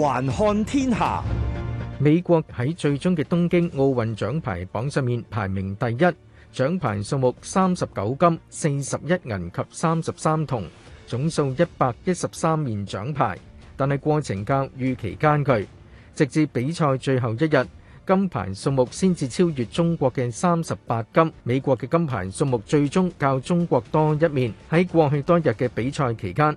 環看天下，美國喺最終嘅東京奧運獎牌榜上面排名第一，獎牌數目三十九金、四十一銀及三十三銅，總數一百一十三面獎牌。但係過程較預期艱巨，直至比賽最後一日，金牌數目先至超越中國嘅三十八金。美國嘅金牌數目最終較中國多一面。喺過去多日嘅比賽期間，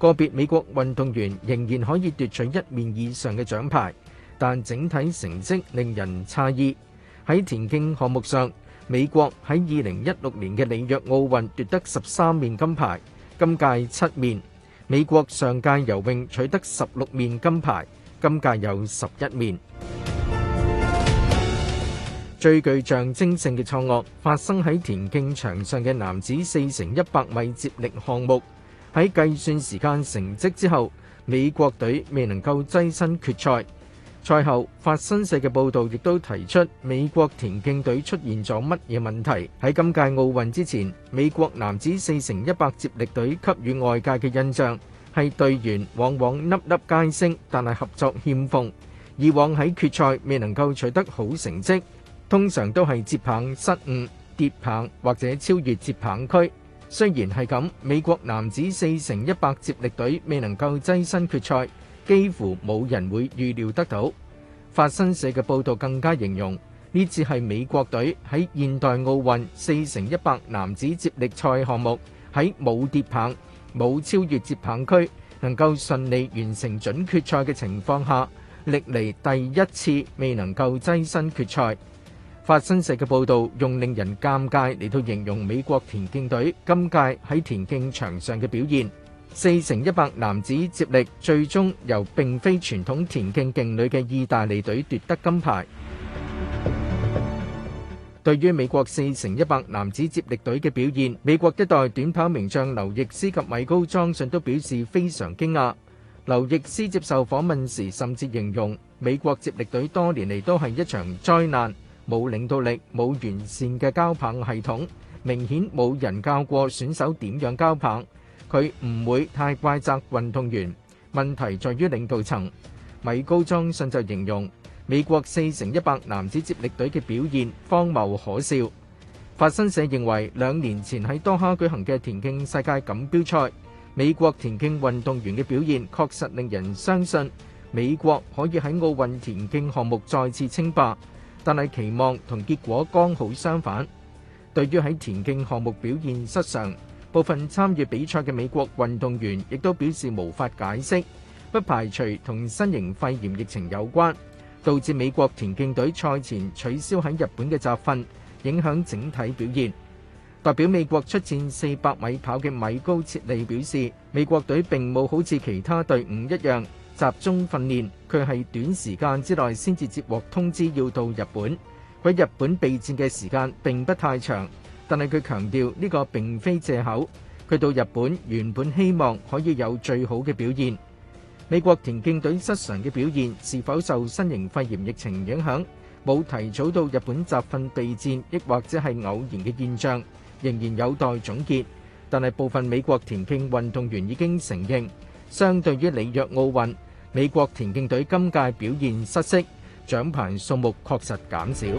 個別美國運動員仍然可以奪取一面以上嘅獎牌，但整體成績令人詫異。喺田徑項目上，美國喺2016年嘅里約奧運奪得十三面金牌，今屆七面；美國上屆游泳取得十六面金牌，今屆有十一面。最具象徵性嘅錯愕發生喺田徑場上嘅男子四乘一百米接力項目。喺計算時間成績之後，美國隊未能夠躋身決賽。賽後法新社嘅報導亦都提出美國田徑隊出現咗乜嘢問題？喺今屆奧運之前，美國男子四乘一百接力隊給予外界嘅印象係隊員往往粒粒皆星，但係合作欠奉。以往喺決賽未能夠取得好成績，通常都係接棒失誤、跌棒或者超越接棒區。雖然係咁，美國男子四乘一百接力隊未能夠躋身決賽，幾乎冇人會預料得到。法新社嘅報導更加形容，呢次係美國隊喺現代奧運四乘一百男子接力賽項目，喺冇跌棒、冇超越接棒區，能夠順利完成準決賽嘅情況下，歷嚟第一次未能夠躋身決賽。法新社嘅報導用令人尷尬嚟到形容美國田徑隊今屆喺田徑場上嘅表現。四乘一百男子接力最終由並非傳統田徑勁旅嘅意大利隊奪得金牌。對於美國四乘一百男子接力隊嘅表現，美國一代短跑名將劉易斯及米高莊信都表示非常驚訝。劉易斯接受訪問時甚至形容美國接力隊多年嚟都係一場災難。冇領導力、冇完善嘅交棒系統，明顯冇人教過選手點樣交棒。佢唔會太怪責運動員，問題在於領導層。米高莊信就形容美國四乘一百男子接力隊嘅表現荒謬可笑。法新社認為兩年前喺多哈舉行嘅田徑世界錦標賽，美國田徑運動員嘅表現確實令人相信美國可以喺奧運田徑項目再次稱霸。但係期望同結果剛好相反。對於喺田徑項目表現失常，部分參與比賽嘅美國運動員亦都表示無法解釋，不排除同新型肺炎疫情有關，導致美國田徑隊賽前取消喺日本嘅集訓，影響整體表現。代表美國出戰四百米跑嘅米高切利表示，美國隊並冇好似其他隊伍一樣。集中訓練，佢係短時間之內先至接獲通知要到日本。佢日本備戰嘅時間並不太長，但係佢強調呢個並非藉口。佢到日本原本希望可以有最好嘅表現。美國田徑隊失常嘅表現是否受新型肺炎疫情影響，冇提早到日本集訓備戰，亦或者係偶然嘅現象，仍然有待總結。但係部分美國田徑運動員已經承認，相對於里約奧運。美國田徑隊今屆表現失色，獎牌數目確實減少。